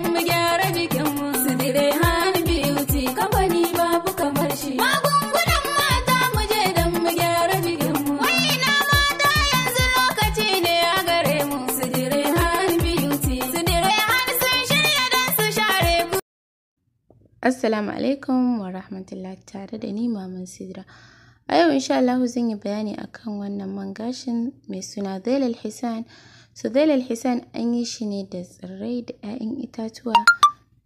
Mu gyara jikin mu dire hani beauty kamfani babu kamar shi. Magungunan mata mu je don mu gyara jikin mu. Waina mata yanzu lokaci ne a gare mu su dire hani beauty su dire sun shirya don su share ku. Assalamu alaikum wa rahmatullahi tare da ni Maman Sidra. A yau insha Allah zan yi bayani akan wannan man gashin mai suna Zailal Hisan. Sudailal Hisan an yi shi ne da tsirrai da 'ya'yan itatuwa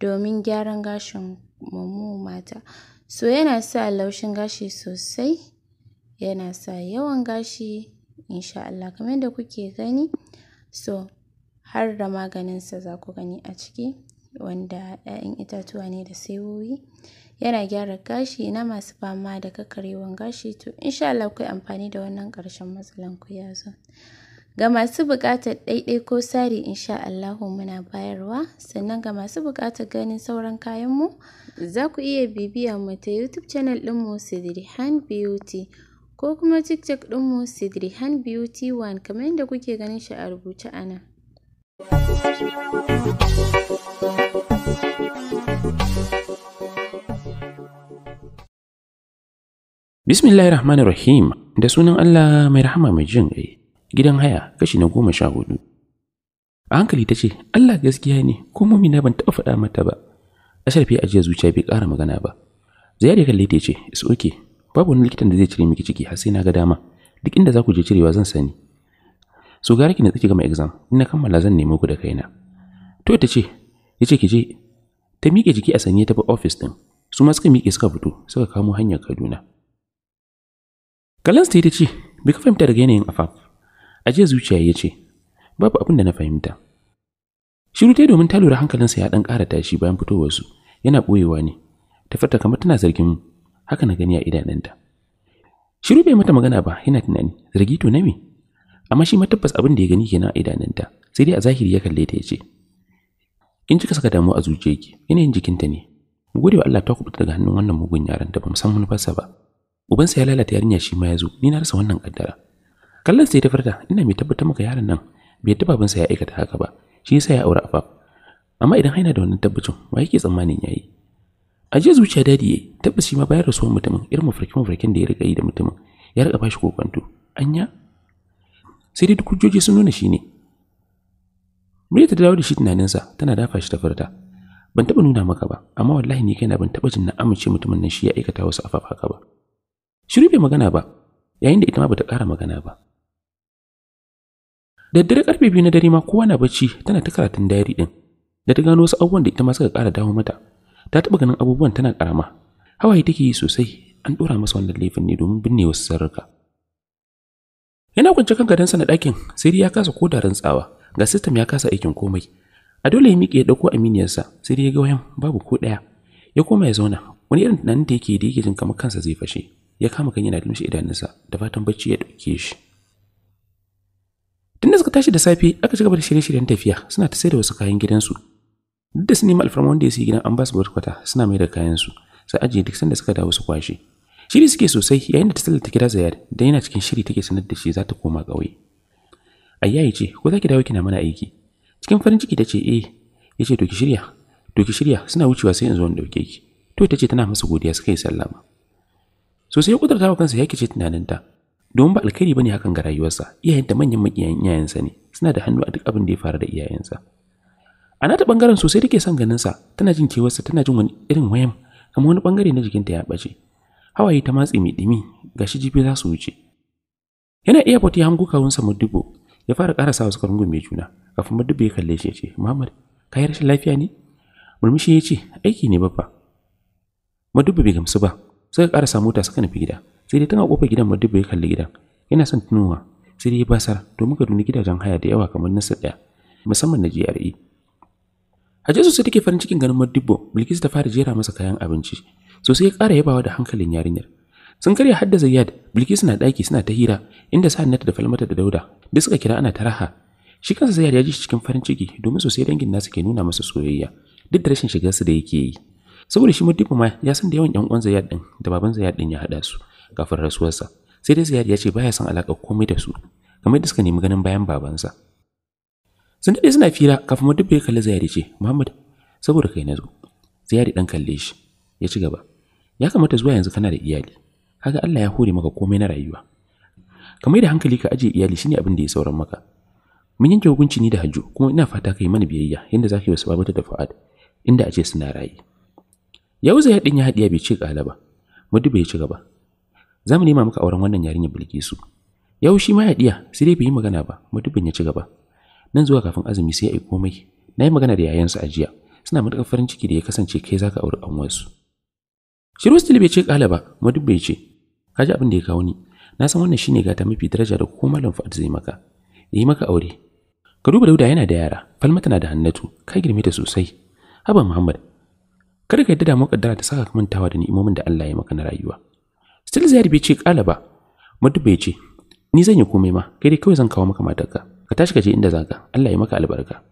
domin gyaran gashin mu mata. So yana sa laushin gashi sosai, yana sa yawan gashi insha Allah kamar da kuke gani. So har da maganinsa za ku gani a ciki wanda 'ya'yan itatuwa ne da saiwoyi. Yana gyara gashi na masu fama da kakarewan gashi to insha Allah ku amfani da wannan karshen matsalan ku ya zo. Ga masu buƙatar ɗaiɗai ko sari insha Allahu muna bayarwa, sannan ga masu buƙatar ganin sauran kayanmu za ku iya bibiya mu ta YouTube channel ɗinmu Sidrihan Beauty ko kuma TikTok ɗinmu Sidrihan Beauty One kamar yadda kuke ganin shi a rubuce a nan. Bismillahirrahmanirrahim da sunan Allah mai rahama mai jin ƙai. gidan haya kashi na goma sha hudu a hankali ta ce allah gaskiya ne ko na ban taɓa faɗa mata ba sharfi a jiya zuciya bai ƙara magana ba ziyar ya kalle ta ce is okay babu wani likitan da zai cire miki ciki har sai na ga dama duk inda za ku je cirewa zan sani so gara ki na tsaki gama exam in na kammala zan nemo ku da kaina to ta ce ya ce ki je ta miƙe jiki a sanye ta bi ofis ɗin su ma suka miƙe suka fito suka kamo hanyar kaduna su ta yi ta ce bai ka fahimta daga yanayin afaf jiya zuciya ya ce, babu abin da na fahimta. Shiru ta domin ta lura hankalinsa ya ɗan ƙara tashi bayan fitowarsu, yana ɓoyewa ne, ta kamar tana zargin haka na gani a idanunta. Shiru bai mata magana ba yana tunani, zargi to na me? Amma shi ma tabbas abin da ya gani kenan a idanunta, sai dai a zahiri ya kalle ta ya ce, In kika saka damuwa a zuciyarki, yanayin jikinta ne, mu gode wa Allah ta kubuta daga hannun wannan mugun yaran da mu san manufarsa ba ubansa ya lalata yarinya shi ma ya zo ni na rasa wannan kaddara kallon sai ta farta ina mai tabbatar maka yaron nan bai yadda babansa ya aikata haka ba shi yasa ya aure afaf amma idan haina da wannan tabbacin wa yake tsammanin yayi a jiya zuciya dadi yayi tabbas shi ma bayar rasuwar mutumin irin mafarkin mafarkin da ya riga yi da mutumin ya riga bashi kokonto anya sai dai duk hujjoji sun nuna shi ne Mai ta dawo da shi tunaninsa tana dafa shi ta furta. Ban taɓa nuna maka ba, amma wallahi ni kaina ban taɓa jin na amince mutumin nan shi ya aikata wasu afaf haka ba. Shiru bai magana ba, yayin da ita ma bata ƙara magana ba. da dare karfe biyu na dare ma kowa na bacci tana ta karatun dayari din da ta gano wasu abubuwan da ita ma suka kara dawo mata ta taba ganin abubuwan tana karama hawaye take yi sosai an ɗora masa wannan laifin ne domin binne wasu sarrafa yana kwance kan sa na dakin sai dai ya kasa ko da rantsawa ga sistem ya kasa aikin komai a dole ya miƙe ya ɗauko aminiyarsa sai dai ya ga wayan babu ko ɗaya ya koma ya zauna wani irin tunanin da yake da yake jin kamar kansa zai fashe ya kama kan yana lumshe idanunsa da fatan bacci ya ɗauke shi Tunda suka tashi da safe aka cigaba da shirye-shiryen tafiya suna ta sai da wasu kayan gidansu. Duk da su nemi alfarma wanda ya sayi gidan an ba su barkwata suna mai da kayansu sai ajiye duk sanda suka dawo su kwashe. Shiri suke sosai yayin da ta sallata kira zayar da yana cikin shiri take sanar da shi za ta koma ƙauye. Ayya ya ce ko za ki dawo kina mana aiki. Cikin farin ciki ta ce eh ya ce to ki shirya to ki shirya suna wucewa sai in zo in ɗauke ki. To ta ce tana masa godiya suka yi sallama. Sosai ya kudurta wa kansa ya kice tunaninta Domin ba alkhairi bane hakan ga rayuwarsa, iyayen da manyan makiyayan iyayensa ne, suna da hannu a duk abin da ya faru da iyayensa. A nata bangaren sosai take son ganin sa tana jin kewarsa, tana jin wani irin wayam, kamar wani bangare na jikinta ya bace Hawaye ta matsi mai ga gashi jibi za su wuce. Yana iya fata ya hango kawunsa mudubo ya fara karasa wasu karungun mai juna, kafin mudubo ya kalle shi ya ce, Muhammad, ka yi rashin lafiya ne? Murmushi ya ce, aiki ne babba. mudubo bai gamsu ba, suka karasa mota suka nufi gida sai dai tana kofar gidan madubba ya kalli gidan yana son tunowa sai dai ya basar to muka duni gidajen haya da yawa kamar nasa daya musamman na jre. hajji sai take farin cikin ganin Madibbo Bilkisu ta fara jera masa kayan abinci sosai ya ƙara yabawa da hankalin yarinyar sun karya hadda zayyad bilkisu na daki suna ta hira inda sa'annata da falmata da dauda duk suka kira ana taraha shi kansa zayyad ya ji cikin farin ciki domin sosai dangin nasu ke nuna masa soyayya duk da rashin shigar su da yake yi saboda shi mutumin ma ya san da yawan ƴan uwan Zayyad da baban Zayyad din ya hada su kafin rasuwarsa sai dai ziyar ya ce baya son alaka komai da su kamar da suka nemi ganin bayan babansa sun dade suna fira kafin mutumin ya kalli ziyar ya ce Muhammad saboda kai na zo ziyar dan kalle shi ya ci gaba ya kamata zuwa yanzu kana da iyali kaga Allah ya hore maka komai na rayuwa kamar da hankali ka ajiye iyali shine abin da ya sauran maka mun yanke hukunci ni da Hajju kuma ina fata kai mana biyayya yanda zaka yi wasu babata da Fa'ad inda ace suna rayi yau zai haɗin ya ya bai ci ƙala ba mudu bai ci gaba za mu nema maka auren wannan yarinyar bilkisu yau shi ma haɗiya sai dai bai yi magana ba mudu ya ci gaba nan zuwa kafin azumi sai ya yi komai na yi magana da yayansu a jiya suna matuƙar farin ciki da ya kasance kai zaka auri an wasu shiru still bai ci ƙala ba mudu bai ce kaji abin da ya kawo ni na san wannan shine gata mafi daraja da ko malam fa'ad zai maka yi maka aure ka duba dauda yana da yara falmata na da hannatu ka girme ta sosai haba muhammad kada ka yadda damuwar kaddara ta saka mantawa da ni'imomin da Allah ya maka na rayuwa still zai bai ce kala ba mutu bai ce ni zan yi komai ma kai dai kawai zan kawo maka matarka ka tashi ka je inda zaka Allah ya maka albarka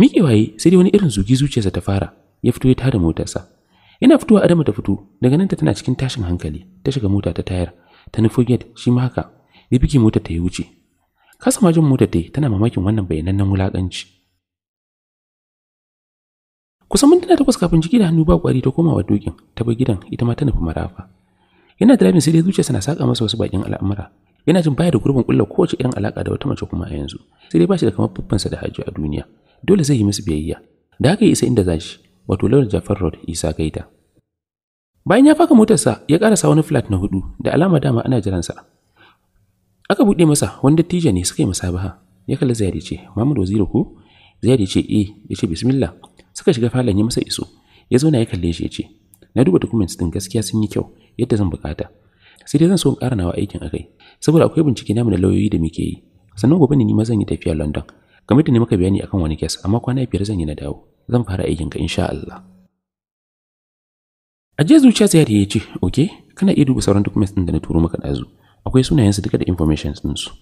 miƙe waye sai dai wani irin zugi zuciyarsa ta fara ya fito ya tada motarsa yana fitowa Adamu ta fito daga nan ta tana cikin tashin hankali ta shiga mota ta tayar ta nufo gate shi ma haka ya bige motar ta ya wuce kasa majin motar ta tana mamakin wannan bayanannen wulakanci kusan mintuna takwas kafin jiki da hannu ba kwari ta komawa dokin ta bar gidan ita ma ta nufi marafa yana driving sai dai zuciyarsa na saka masa wasu bakin al'amura yana jin baya da gurbin kulla kowace irin alaka da wata mace kuma a yanzu sai dai bashi da kamar fuffansa da hajji a duniya dole zai yi musu biyayya da haka ya isa inda za shi, wato Lawal Jafar Rod, Isa Gaita bayan ya faka motarsa ya karasa wani flat na hudu da alama dama ana jiransa aka buɗe masa wani dattijo ne suka yi musabaha ya kalli zai ce Waziri ko zai eh ya ce bismillah suka shiga falon ya masa iso ya zo na ya kalle shi ya ce na duba documents din gaskiya sun yi kyau yadda zan bukata sai dai zan so in ƙara nawa aikin akai saboda akwai bincike namu da lauyoyi da muke yi sannan gobe ne ni ma zan yi tafiya London kamar da ne muka bayani akan wani kes amma kwana biyar zan yi na dawo zan fara aikin ka insha Allah aje zuciya sai da ce okay kana iya duba sauran documents din da na turo maka dazu akwai sunayen su duka da information din su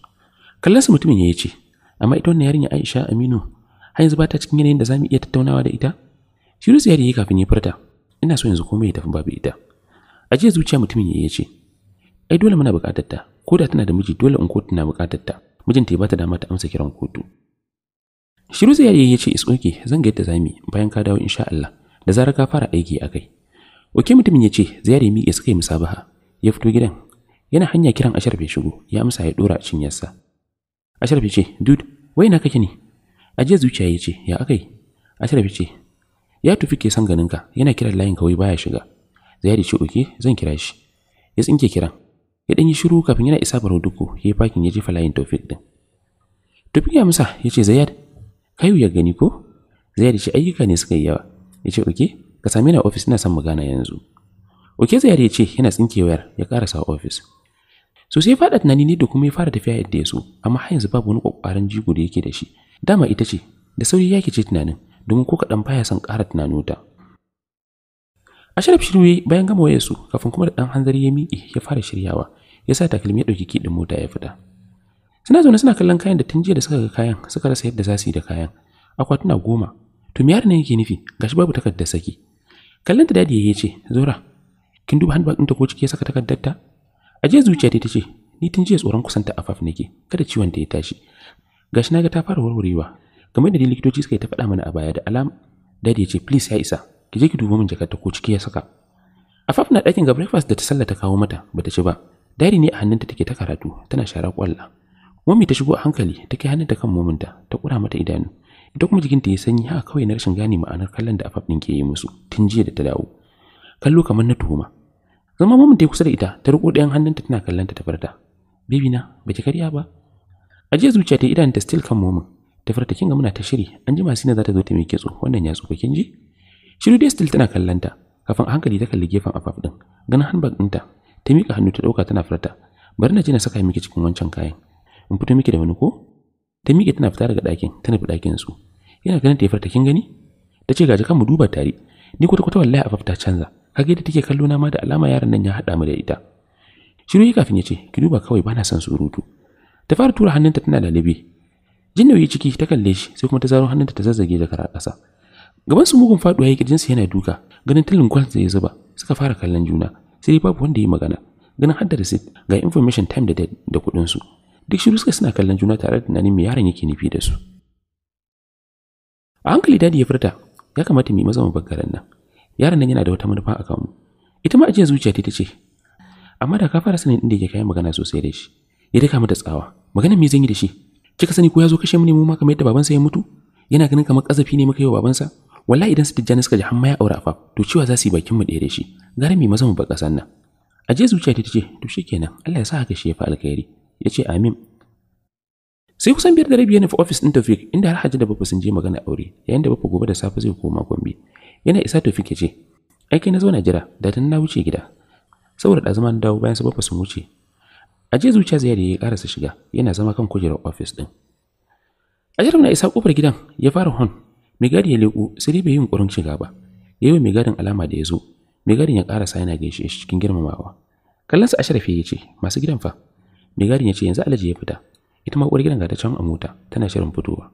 kallon su mutumin ya ce amma ita wannan yarinya Aisha Aminu har yanzu ba ta cikin yanayin da za mu iya tattaunawa da ita shiru sai yi kafin ya furta ina so yanzu komai ya tafi babu ita a jiya zuciya mutumin ya ce ai dole muna buƙatar ta ko da tana da miji dole in kotu na buƙatar ta mijinta ya bata dama ta amsa kiran kotu shiru sai yi ya ce is okay zan ga yadda mu bayan ka dawo insha Allah da zarar ka fara aiki akai Oke mutumin ya ce ya miƙe suka yi musabaha ya fito gidan yana hanya kiran Asharfe shigo ya amsa ya dora a cinyarsa Asharfe ce dude wai na kake ne aje zuciya ya ce ya akai ashraf ce ya tufi ke san ganin ka yana kiran layin kawai baya shiga zayari ce oke zan kira shi ya tsinke kiran ya dan shiru kafin yana isa baro duku yayi fakin ya jefa layin Tofik din Tofik ya musa ya ce Zayyad kai ya gani ko Zayyad ce ayyuka ne suka yi yawa ya ce oke ka same ni a office ina son magana yanzu oke Zayyad ya ce yana tsinke wayar ya karasa office so sai faɗa tunani ne da kuma ya fara tafiya yadda ya so amma har yanzu babu wani kokarin jigo da yake da shi dama ita ce da sauri ya ke ce tunanin domin ko kaɗan baya son ƙara ta a shirya shirye bayan gama wayar su kafin kuma da ɗan hanzari ya miƙe ya fara shiryawa ya sa takalmi ya ɗauki kiɗin mota ya fita suna zaune suna kallon kayan da tun jiya da suka ga kayan suka rasa yadda za su yi da kayan akwatuna goma to me yaron yake nufi gashi babu takardar saki kallon ta dadi ya ce zora kin duba handbag ɗinta ko ciki ya saka takardar ta a je zuciya ta ce ni tun jiya tsoron kusanta afaf nake kada ciwon ta ya tashi gashi na ga ta fara warwarewa kamar da likitoci suka yi ta faɗa mana a baya da alam dadi ya ce please ya isa ki je ki duba min jakarta ko ciki ya saka afaf na ɗakin ga breakfast da ta sallah ta kawo mata bata ci ba dadi ne a hannunta take ta karatu tana shara kwalla mummy ta shigo a hankali ta kai hannunta kan mominta ta kura mata idanu ita kuma jikinta ya sanyi haka kawai na rashin gane ma'anar kallon da afaf ɗin ke yi musu tun jiya da ta dawo kallo kamar na tuhuma zama mummy ta kusa da ita ta riƙo ɗayan hannunta tana kallon ta ta farta bibi na baki karya ba ajiya zuciya ta idan ta still kan momin ta farta kinga muna ta shiri an ji sina za ta zo ta mike kitso wannan ya tsufa kin ji shiru dai still tana kallanta kafin a hankali ta kalli gefen afaf din ganin handbag ɗinta ta miƙa hannu ta ɗauka tana furta bari na je na saka miki cikin wancan kayan in fito miki da wani ko ta miƙe tana fita daga ɗakin ta nufi ɗakin su yana ganin ta ya farta kin gani ta ce gaji kan mu duba tare ni kwata kwata wallahi afaf ta canza kage da take kallo na ma da alama yaran nan ya hada mu da ita shiru yi kafin ya ce ki duba kawai bana son surutu ta fara tura hannunta tana lalube. jin nauyi ciki ta kalle shi sai kuma ta zaro hannunta ta zazzage da kara ƙasa gaban su mugun faduwa ya kirjinsu yana duka ganin tilin gwal da ya zuba suka fara kallon juna sai dai babu wanda ya magana ganin hadda receipt ga information time da date da kuɗin su duk shiru suka suna kallon juna tare da tunanin me yaron yake nufi da su a hankali dadi ya furta ya kamata mu yi maza bangaren nan yaron nan yana da wata manufa a kanmu ita ma ajiya zuciya ta ce amma da ka fara sanin inda yake kai magana sosai da shi ya daka mata tsawa magana me zan yi da shi kika sani ko ya zo kashe mu ne mu ma kamar yadda babansa ya mutu yana ganin kamar kazafi ne muka yi wa babansa wallahi idan su tijjani suka ji hamma ya aure afa to cewa za su yi bakin mu ɗaya da shi gara mi maza mu ba ƙasan nan a je zuciya ta ce to shikenan Allah ya sa haka shi ya fa alkhairi ya ce amin sai kusan biyar da rabi yana fi ofis ɗin Tofik inda har Hajji da bafa sun je magana aure yayin da bafa gobe da safe zai koma Gombe yana isa Tofik ya ce ai na zo na jira da tun na wuce gida saboda da zaman dawo bayan su sun wuce a je zuciya zai da ya karasa shiga yana zama kan kujerar ofis din ajarum na isa kofar gidan ya fara hon mai gari ya leku sai dai bai yi yunkurin shiga ba ya yi mai gadin alama da ya zo mai garin ya karasa yana gaishe shi cikin girmamawa a asharafe ya ce masu gidan fa mai ya ce yanzu alaji ya fita ita ma uwar gidan ga ta can a mota tana shirin fitowa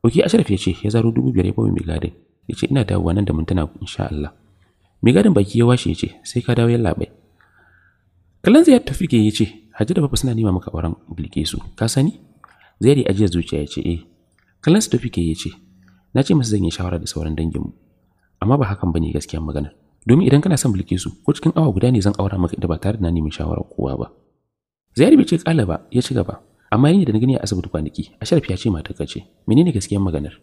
oki ashraf ya ce ya zaro dubu biyar ya bawa mai ya ce ina dawowa nan da mintuna insha Allah mai gadin baki ya washe ya ce sai ka dawo yalla bai kalan ziyar ta ya ce Hajji da Baba suna nema maka auren Bilkisu, ka sani? Zairi ajiya zuciya ya ce eh. Kallon su tafi ke ya ce, na ce masa zan yi shawara da sauran danginmu. Amma ba hakan bane gaskiyar magana Domin idan kana son Bilkisu, ko cikin awa guda ne zan aura maka da ba tare da na nemi shawarar kowa ba. Zairi bai ce kala ba, ya ci gaba. Amma yayin da na gani a asibiti kwanaki, Ashraf ya ce matar ka ce, menene gaskiyar maganar?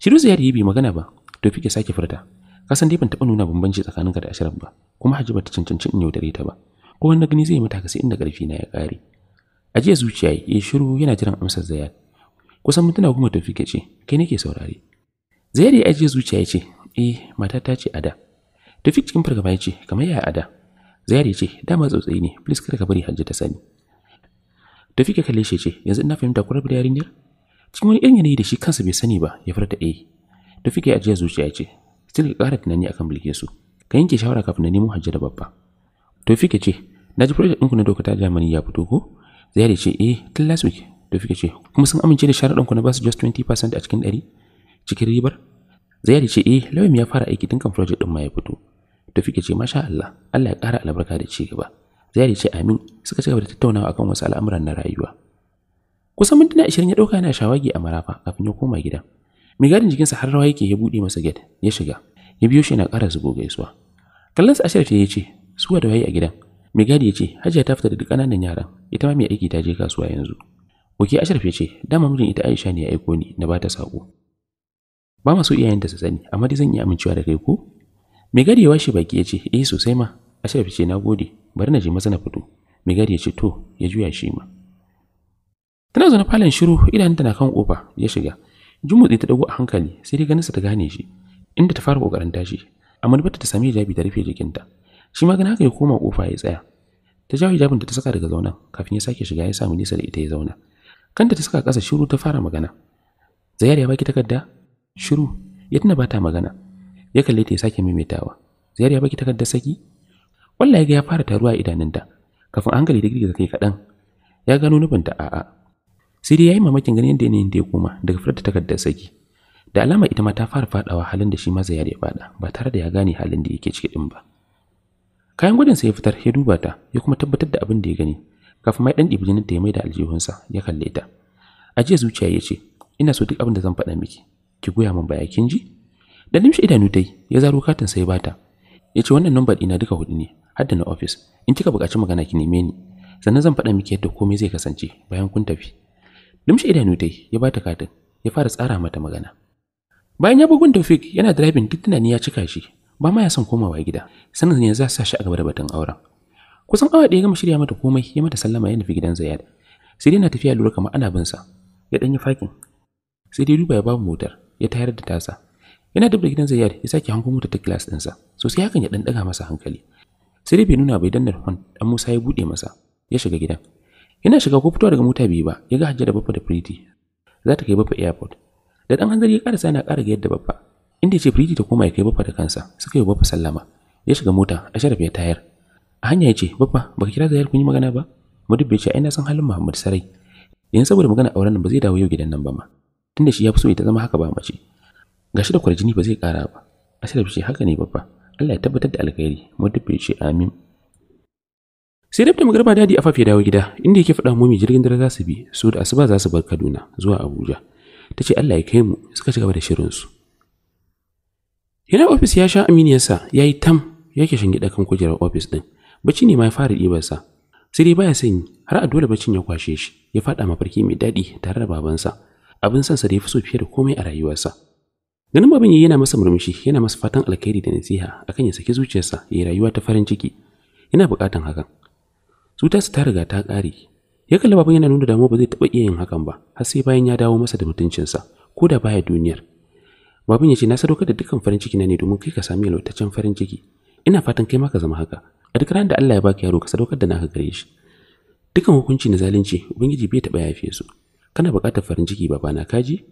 Shiru Zairi bai magana ba, tofi ke sake furta. Kasan dai ban taɓa nuna bambanci tsakaninka da ashirin ba, kuma Hajiba ta cancanci in yaudare ta ba. Ko na gani zai mata kasi inda ƙarfi na ya ƙare a jiya zuciya ya shiru yana jiran amsar zayar kusan mutuna goma tafi ke ce kai nake saurare zayar ya ajiye zuciya ya ce eh mata ta ce ada tafi cikin fargaba ya ce kamar yaya ada zayar ya ce dama tsautsayi ne please kar ka bari hajji ta sani tafi ka kalle shi ce yanzu ina fahimta ku rabu da yarinyar cikin wani irin yanayi da shi kansa bai sani ba ya furta eh tafi ka ya ajiye zuciya ya ce still ka ƙara tunani akan su ka yanke shawara kafin na nemo hajji da babba Tofik ya ce, na ji project ɗinku na doka ta Germany ya fito ko? da ce, eh, tun last week. Tofik ya ce, kuma sun amince da ku na basu just 20% a cikin ɗari? Cikin ribar? da ce, eh, Lawim ya fara aiki tun kan project ɗin ma ya fito. Tofik ya ce, masha Allah, Allah ya kara albarka da ci gaba. da ce, amin, suka ci gaba da tattaunawa akan wasu al'amuran na rayuwa. Kusan mintuna ashirin ya ɗauka yana shawagi a marafa kafin ya koma gida. Mai gadin jikinsa har rawa yake ya buɗe masa gate, ya shiga. Ya biyo shi yana ƙara zubo gaisuwa. Kallonsa ashirin ya ce, suwa da waye a gidan mai ya ce hajiya ta fita da kananan yaran ita ma mai aiki ta je kasuwa yanzu Oke Ashraf ya ce dama mijin ita Aisha ne ya aiko ni na ba ta sako ba ma so iyayen da su sani amma dai zan iya amincewa da kai ko mai ya washe baki ya ce eh sosai ma Ashraf ya ce gode bari na je masa na fito mai ya ce to ya juya shi ma tana zaune falon shiru idanunta na kan kofa ya shiga jumutsi ta dago a hankali sai dai ganinsa ta gane shi inda ta fara kokarin tashi amma ba ta sami jabi ta rufe jikinta shi magana haka ya koma kofa ya tsaya ta jawo hijabin da ta saka daga zaunan kafin ya sake shiga ya samu nisa da ita ya zauna kanta ta saka ƙasa shiru ta fara magana zayar ya baki takarda shiru ya tuna bata magana ya kalle ta ya sake maimaitawa zayar ya baki takarda saki wallahi ga ya fara taruwa a idanunta kafin hankali da girgiza kai kaɗan ya gano ta a'a sai dai ya yi mamakin ganin yadda yanayin da ya koma daga fitar da takardar saki da alama ita ma ta fara faɗawa halin da shi ma zayar ya faɗa ba tare da ya gane halin da yake cike ɗin ba kayan gudunsa ya fitar ya duba ta ya kuma tabbatar da abin da ya gani kafin mai dan ɗibi jinin ta ya da aljihunsa ya kalle ta a jiya zuciya ya ce ina so duk abin da zan faɗa miki ki goya min baya kin ji da limshi idanu dai ya zaro katin sai bata ya ce wannan number ɗina duka hudu ne har da na office in kika buƙaci magana ki neme ni sannan zan faɗa miki yadda komai zai kasance bayan kun tafi limshi idanu dai ya bata katin ya fara tsara mata magana bayan ya bugun Taufik yana driving duk tunani ya cika shi ba ma ya san komawa gida sanin ne za su sa shi a gaba da batun auren kusan awa ɗaya gama shirya mata komai ya mata sallama ya nufi gidan Zayyad sai dai na tafiya lura kamar ana bin sa ya danyi fakin sai dai duba ya babu motar ya tayar da tasa yana dubda gidan Zayyad ya sake hango motar ta class ɗinsa so sai hakan ya dan daga masa hankali sai dai bai nuna bai danna hon dan Musa ya bude masa ya shiga gidan yana shiga ko fitowa daga mota bai ba ya ga Hajja da babba da Pretty za ta kai babba airport da ɗan hanzari ya karasa yana ƙara yadda babba inda ya ce firiji ta koma ya kai baffa da kansa suka yi baffa sallama ya shiga mota a sharaf ya tayar a hanya ya ce baffa baka kira zayar kun yi magana ba mu dubbe ce a san halin muhammad sarai yanzu saboda magana auren nan ba zai dawo yau gidan nan ba ma tunda shi ya fi so ita zama haka ba mace gashi da kwarjini ba zai kara ba a sharaf ce haka ne baffa Allah ya tabbatar da alkhairi mu dubbe ce amin sai rabta magarba dadi afaf ya dawo gida inda yake faɗa mumi jirgin dare za su bi su da asuba za su bar Kaduna zuwa Abuja ta ce Allah ya kai mu suka ci gaba da shirin Yana ofis ya sha aminiyarsa ya yi tam yake gida kan kujerar ofis ɗin. Bacci ne ma ya fara ɗibarsa. Sai dai baya sanyi har a dole baccin ya kwashe shi ya faɗa mafarki mai daɗi tare da babansa. Abin sa da ya fi so fiye da komai a rayuwarsa. Ganin baban yayi yana masa murmushi yana masa fatan alkhairi da nasiha akan ya saki zuciyarsa ya rayuwa ta farin ciki. Yana buƙatan hakan. Zuta su ta riga ta ƙare ya kalli babin yana nuna damuwa ba zai taɓa iya yin hakan ba har sai bayan ya dawo masa da mutuncinsa ko da baya duniyar Babin ya ce na sadaukar da dukkan farin ciki na ne domin kai ka sami yalwataccen farin ciki. Ina fatan kai ma ka zama haka. A duk ran da Allah ya baka yaro ka sadaukar da naka gare shi. Dukan hukunci na zalunci Ubangiji bai taɓa yafe su. Kana buƙatar farin ciki na kaji?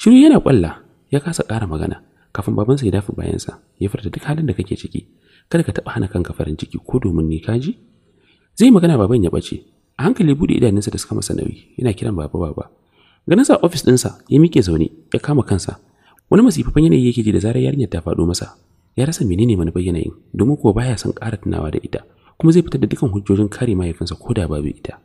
Shiru yana kwalla ya kasa ƙara magana kafin babansa ya dafa bayansa ya furta duk halin da kake ciki. Kada ka taba hana kanka farin ciki ko domin ni kaji? Zai magana baban ya bace. A hankali bude idanunsa da suka masa nauyi yana kiran baba baba. ganin sa ofis ɗinsa ya miƙe zaune ya kama kansa wani masifafan yanayi yake ji da zarar yarinyar ta faɗo masa ya rasa menene manufar yanayin domin kuwa baya son ƙara tunawa da ita kuma zai fitar da dukan hujjojin kare mahaifinsa ko da babu ita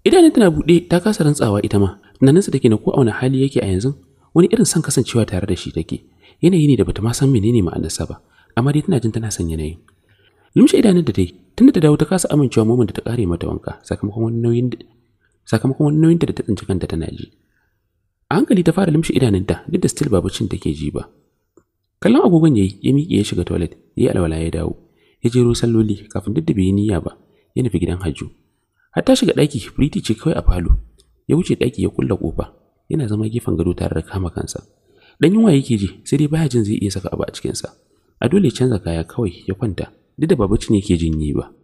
idanun tana buɗe ta kasa rantsawa ita ma tunaninsa take na ko a wani hali yake a yanzu wani irin son kasancewa tare da shi take yanayi ne da bata ma san menene ma'anarsa ba amma dai tana jin tana son yanayin lumshe idanun da ta tunda ta dawo ta kasa amincewa momin da ta kare mata wanka sakamakon wani nauyin sakamakon wani nauyin da ta tsinci kanta tana ji A hankali ta fara limshi idanunta duk da still cin take ji ba. Kallon agogon yayi ya miƙe ya shiga toilet ya yi alwala ya dawo. Ya jero salloli kafin duk da bai niyya ba ya nufi gidan Hajju. Har ta shiga ɗaki firiti ce kawai a falo. Ya wuce ɗaki ya kulla kofa yana zama gefen gado tare da kama kansa. Dan yunwa yake ji sai dai baya jin zai iya saka abu a cikinsa. A dole canza kaya kawai ya kwanta duk da cin yake jin yi ba.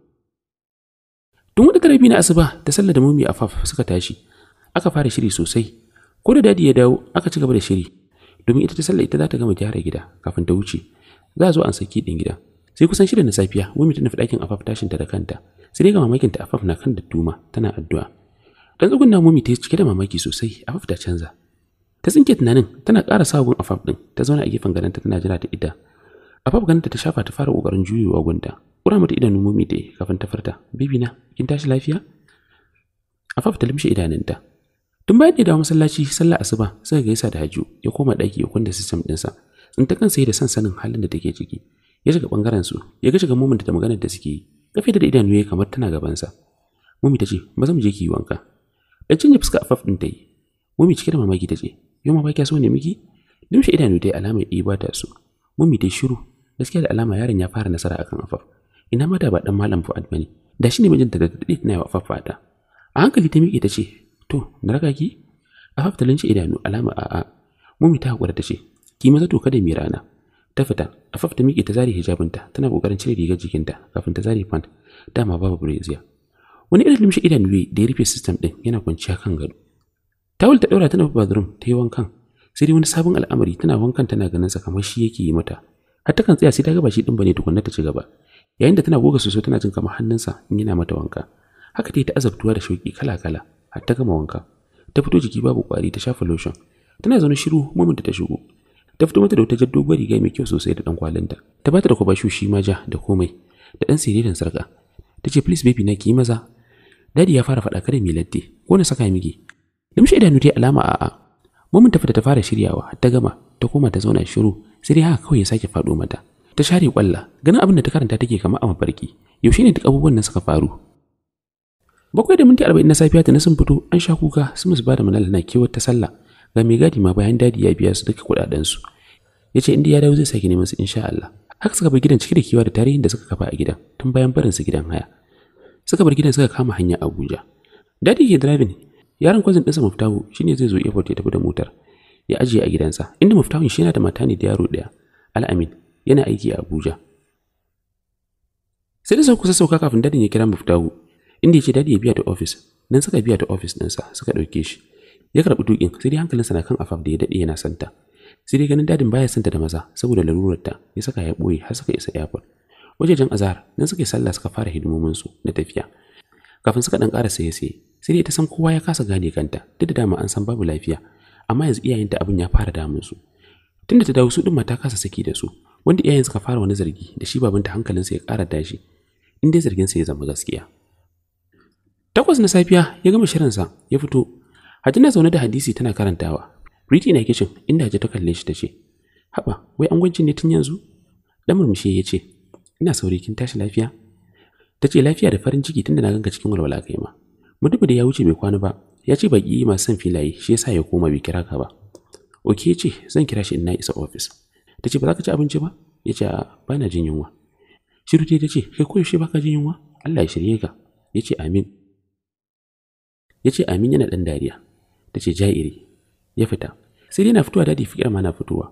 Tun wata tarabi na asuba ta sallar da mumi a faf suka tashi. Aka fara shiri sosai ko da dadi ya dawo aka ci gaba da shiri domin ita ta sallah ita za ta gama gyara gida kafin ta wuce za a zo an saki din gida sai kusan shida na safiya ta nufi ɗakin afaf tashin ta da kanta sai dai ga mamakin ta afaf na kan da tuma tana addu'a dan tsugun na mumi ta yi cike da mamaki sosai afaf ta canza ta tsinke tunanin tana ƙara gun afaf ɗin. ta zauna a gefen gadonta tana jira ta ita afaf ganta ta shafa ta fara kokarin juyewa gunta kura mata idanu mumi ta kafin ta farta bibi na kin tashi lafiya afaf ta limshe idanunta tun bayan da dawo masallaci sallar asuba suka gaisa da hajju. ya koma daki ya kunda system ɗinsa ta kansa da san sanin halin da take ciki ya shiga bangaren su ya ga shiga mumin da maganar da suke yi kafe da idanu ya kamar tana gabansa mumi ta ce ba zan je ki yi wanka ya cinye fuska a faf ɗin ta yi mumi cike da mamaki ta ce yau ma ba kya so ne miki limshe idanu ta yi alamar iba ba ta su. mumi ta shiru gaskiya da alama yaron ya fara nasara akan afaf ina mata da ba dan malam fu'ad bane da shi ne mijinta da daɗe na yawa afaf a hankali ta miƙe ta ce To, na raka ki? a idanu alama a Mumi ta haƙura ta ce, ki maza to kada mi rana. Ta fita, Afaf ta miƙe ta zare hijabinta, tana kokarin cire rigar jikinta kafin ta zare pant. Dama babu brazier. Wani irin limshi idanu ne da ya rufe system din yana kwanciya kan gado. Tawul ta daura tana bathroom ta yi wankan. Sai dai wani sabon al'amari tana wankan tana ganin sa kamar shi yake yi mata. Har ta kan tsaya sai ta gaba shi din bane tukunna ta ci gaba. Yayin da tana goga soso tana jin kamar hannunsa in yana mata wanka. Haka ta yi ta azabtuwa da shauki kala-kala. har ta gama wanka ta fito jiki babu kwari ta shafa lotion tana zaune shiru mumin ta shigo ta fito mata da wata doguwar riga mai kyau sosai da dan kwalinta ta bata da kwabashu shi ma ja da komai da dan siririn sarka ta ce please baby na ki maza dadi ya fara faɗa kada mi latti. ko na saka miki limshi idanu ta alama a mumin ta fita ta fara shiryawa ta gama ta koma ta zauna shiru sai dai haka kawai ya sake faɗo mata ta share kwalla ganin abin da ta karanta take kama a mafarki yaushe ne duk abubuwan nan suka faru bakwai da minti arba'in na safiya ta na sun fito an sha kuka su musu ba da manal na kewar ta sallah ga mai gadi ma bayan dadi ya biya su duka kuɗaɗensu ya ce inda ya dawo zai sake neman su insha Allah haka suka bar gidan cike da kewa da tarihin da suka kafa a gidan tun bayan barin su gidan haya suka bar gidan suka kama hanya Abuja dadi ke driving yaron cousin ɗinsa Muftahu shine zai zo airport ya tafi da motar ya ajiye a gidansa inda muftahu shi yana da mata ne da yaro ɗaya Al-Amin yana aiki a Abuja sai da sauka sauka kafin dadin ya kira Muftahu inda ya ce dadi ya biya ta ofis nan suka biya ta ofis ɗinsa suka ɗauke shi ya karɓi dukin sai dai hankalinsa na kan afaf da ya daɗe yana santa sai dai ganin dadin baya santa da maza saboda larurarta ya saka ya ɓoye har suka isa airport wajejen azahar nan suka yi sallah suka fara hidimominsu na tafiya kafin suka ɗan ƙara saye saye sai dai ta san kowa ya kasa gane kanta duk da dama an san babu lafiya amma yanzu iyayenta abin ya fara damun su tunda ta dawo su ɗin mata kasa saki da su wanda iyayen suka fara wani zargi da shi babanta hankalinsa ya ƙara tashi in dai zarginsa ya zama gaskiya Takwas na safiya ya gama shirinsa ya fito. Hajina zaune da hadisi tana karantawa. Priti na kicin inda aje ta kalle shi ta ce, Haɓa, wai an gwancin ne tun yanzu? Dan murmushi ya ce, Ina sauri kin tashi lafiya? Ta ce lafiya da farin ciki tunda na ganka cikin walwala kai ma. Mudubu da ya wuce bai kwana ba, ya ce baki masu son filaye shi yasa ya koma bai kira ka ba. Oke ce zan kira shi in na isa ofis. Ta ce ba za ka ci abinci ba? Ya ce ba na jin yunwa. Shiru ta ce kai koyaushe ba ka jin yunwa? Allah ya shirye ka. Ya ce amin. ya ce amin yana dan dariya ta ce ja'iri ya fita sai dai na fitowa dadi fikir ma na fitowa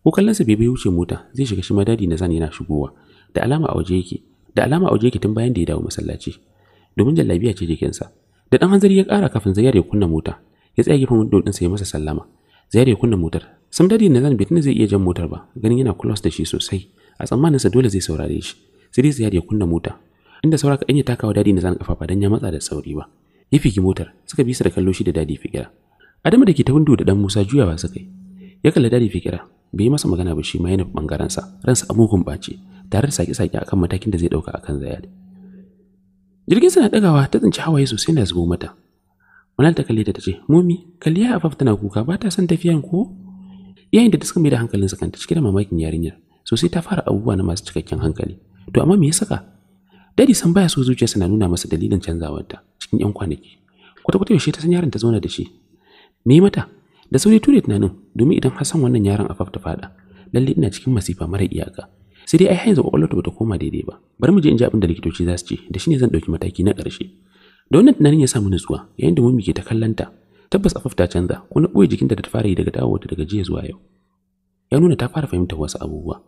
ko kallonsa bai bai wuce mota zai shiga shi ma dadi na zan yana shigowa da alama a waje yake da alama a waje yake tun bayan da ya dawo masallaci domin jallabiya ce jikinsa da dan hanzari ya kara kafin zayar ya kunna mota ya tsaya gefen window sa ya masa sallama zayar ya kunna motar sam dadi na zan bai tuna zai iya jan motar ba ganin yana close da shi sosai a sa dole zai saurare shi sai dai zayar ya kunna mota inda saura kadan ya takawa dadi na zan kafafa dan ya matsa da sauri ba ya fiki motar suka bi su da kallo shi da dadi fikira adamu da ke ta windo da dan musa juyawa suka yi ya kalla dadi fikira bai yi masa magana ba shi ma yana bangaren sa ransa amugun bace tare da saki-saki akan matakin da zai dauka akan zayad jirgin sa na dagawa ta tsinci hawaye sosai na zubo mata Manal ta kalle ta tace momi kalli ya afaf tana kuka ba ta son tafiyan ko yayin da ta suka mai da hankalinsa kanta cike da mamakin yarinyar sosai ta fara abubuwa na masu cikakken hankali to amma me ya saka Dadi san baya so zuciyarsa na nuna masa dalilin canzawarta cikin 'yan kwanaki. Kwata-kwata yaushe ta san yaron ta zauna da shi. Me mata? Da sauri ture tunanin domin idan har san wannan yaron a fafta fada, lalle ina cikin masifa mara iyaka. Sai dai ai har yanzu kwakwalwarta bata koma daidai ba. Bari mu je in ji abin da likitoci za su ce, da shi ne zan ɗauki mataki na ƙarshe. Da wannan tunanin ya sa samu nutsuwa, yayin da mummi ke ta kallanta, tabbas a fafta canza, ko na ɓoye jikinta da ta fara yi daga dawowarta daga jiya zuwa yau. Ya nuna ta fara fahimtar wasu abubuwa.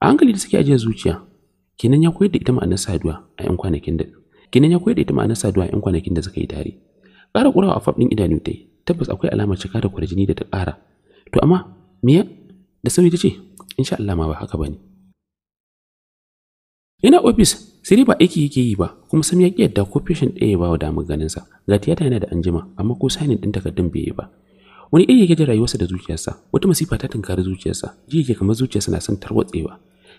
A hankali da suke ajiyar zuciya, kenan ya koyar da ita ma'anar saduwa a 'yan kwanakin da kinan ya koyar da ita ma'anar saduwa a 'yan kwanakin da suka yi tare ƙara ƙurawa a faɗin idanu ta yi tabbas akwai alamar cika da kwarjini da ta ƙara to amma me da sauri ta ce insha Allah ma ba haka bane ina ofis sai ba aiki yake yi ba kuma sam ya yadda ko feshin ɗaya ya ba wa damar ganinsa ga tiyata yana da anjima amma ko sanin ɗin takardun bai yi ba wani iri yake da rayuwarsa da zuciyarsa wata masifa ta tunkari zuciyarsa ji yake kamar zuciyarsa na son tarwatsewa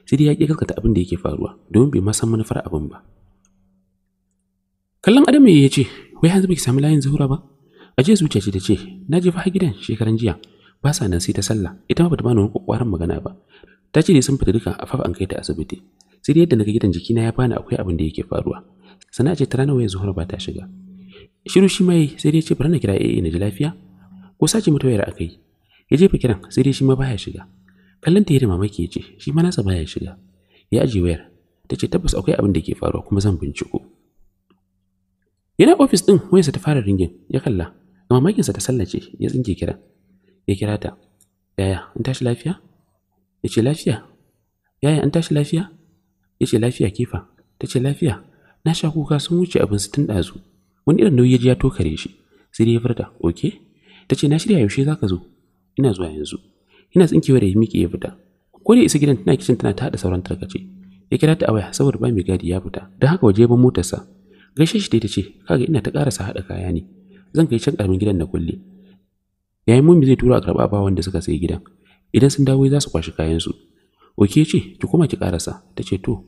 sai dai ya ƙi gaskata abin da yake faruwa domin bai ma san manufar abin ba kallon adamu ya ce wai hanzu baki sami layin zuhura ba a je zuciya ce ta ce na je fa gidan shekaran jiya ba sa nan sai ta sallah ita ma ba bata bani wani kwakwaran magana ba ta ce dai sun fita duka a fafa an kai ta asibiti sai dai yadda naga gidan jikina ya bani akwai abin da yake faruwa sana ce ta rana wayar zuhura ba ta shiga shiru shi mai sai dai ce bari na kira AA na ji lafiya ko sace mata wayar akai ya jefa kiran sai dai shi ma baya shiga kallon ta da mamaki ce shi ma nasa baya shiga ya ajiye wayar ta ce tabbas akwai abin da ke faruwa kuma zan binciko yana ofis din wayarsa ta fara ringin ya kalla da mamakinsa ta sallace ya tsinke kira ya kira ta yaya an tashi lafiya ya ce lafiya yaya an tashi lafiya ya ce lafiya kifa ta ce lafiya na sha kuka sun wuce abin su tun ɗazu wani irin nauyi ya ji ya tokare shi sai dai ya furta oke ta ce na shirya yaushe za ka zo ina zuwa yanzu ina tsinkewa da ya miƙe ya fita ko da isa gidan tana kicin tana ta haɗa sauran tarkace ya kira ta a waya saboda ba mai gadi ya fita don haka waje ban sa gaishe shi ta ce kaga ina ta karasa haɗa kaya ne zan kai can karamin gidan na kulle yayin mummi zai tura a karɓa ba wanda suka sayi gidan idan sun dawo za su kwashi kayan su. oke ce ki koma ki karasa ta ce to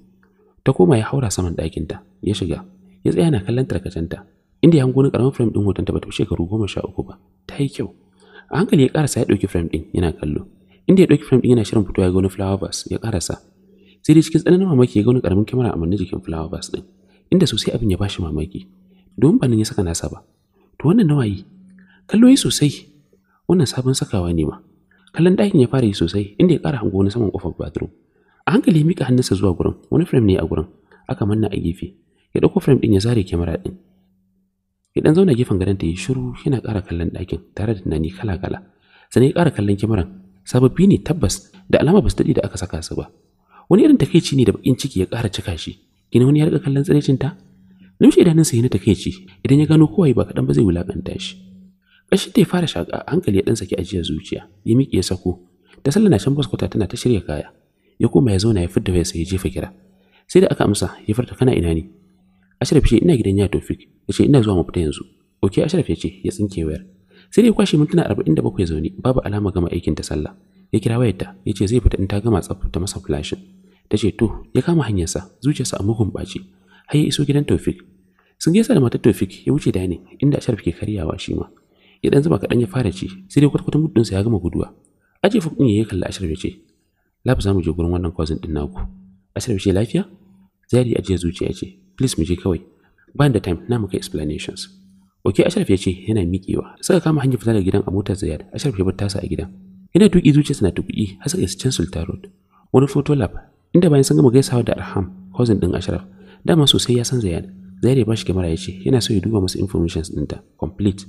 ta koma ya haura saman ɗakinta ya shiga ya tsaya na kallon ta inda ya hango na karamin frame ɗin hotonta ba ta shekaru goma sha uku ba ta yi kyau a hankali ya karasa ya ɗauki frame ɗin yana kallo inda ya ɗauki frame ɗin yana shirin fitowa ya ga wani flower vase ya karasa sai dai cikin tsananin mamaki ya ga wani karamin kyamara a manne jikin flower vase ɗin inda sosai abin ya bashi mamaki domin ba nan ya saka nasa ba to wannan nawa yi kallo yi sosai wannan sabon sakawa ne ma kallon ɗakin ya fara yi sosai inda ya ƙara hango wani saman ƙofar bathroom a hankali ya miƙa hannunsa zuwa gurin wani frame ne a gurin aka manna a gefe ya ɗauko frame ɗin ya zare kyamara ɗin ya dan zauna gefen gadon ta yi shiru yana ƙara kallon ɗakin tare da tunani kala-kala sannan ya ƙara kallon kyamaran sababbi ne tabbas da alama ba su daɗe da aka saka su ba wani irin takaici ne da bakin ciki ya ƙara cika shi kina wani ya riga kallon tsiraicin ta limshi idanunsa yana takaici idan ya gano kowa ba kaɗan ba zai wulaƙanta shi ƙashin ta ya fara shaƙa hankali ya ɗan saki ajiyar zuciya ya miƙe ya sako ta sallana shan baskwata tana ta shirya kaya ya koma ya zauna ya fidda sai ya jefa kira sai da aka amsa ya farta kana ina ne Ashraf ce ina gidan ya Tofik, ya ce ina zuwa mu fita yanzu. Oke Ashraf ya ce ya tsinke wayar. Sai dai kwashe mintuna 47 zaune babu alama gama aikin ta sallah. Ya kira wayarta ya ce zai fita in ta gama tsaf ta masa flashin. Ta ce to ya kama hanyarsa zuciyarsa a mugun baci Har ya iso gidan Tofik. Sun gaisa da matar Tofik ya wuce dani inda Ashraf ke karyawa shi ma. Ya dan zuba kaɗan ya fara ci sai dai kwatkwatan muddinsa ya gama guduwa. Aje fuk din ya kalli Ashraf ya ce Lab zamu je gurin wannan cousin ɗin naku. Ashraf ce lafiya? Zari aje zuciya ce please mu je kawai bani da time na muka explanations Oke Ashraf ya ce yana miƙewa. Suka kama hanyar fita daga gidan a motar Ziyad. Ashraf ya bar tasa a gidan. Yana tuki zuciya na tuki har sai cin Sultan Road. Wani photo lab inda bayan sun gama gaisawa da Arham, cousin din Ashraf. Dama sosai ya san Ziyad. Ziyad ya bashi kamera ya ce yana so ya duba masa informations ɗinta complete.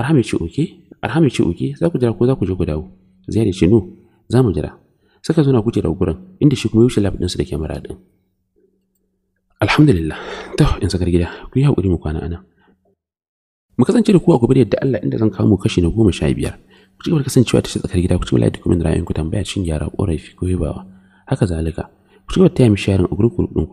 Arham ya ce ok Arham ya ce oke, za ku jira ko za ku je ku dawo. Ziyad ya ce no, za mu jira. Suka zo na kuce da gurin inda shi kuma ya wuce lab ɗinsu da kyamara ɗin. alhamdulillah to in sakar gida ku yi hakuri mu kwana ana mu kasance da ku a gobe da yadda Allah inda zan kawo mu kashi na goma sha biyar ku ci gaba da kasancewa ta tsakar gida ku ci gaba da kuma ra'ayinku tambaya cin gyara ƙorafi ko yabawa haka zalika ku ci gaba da taya mi sharing a gurkuru ku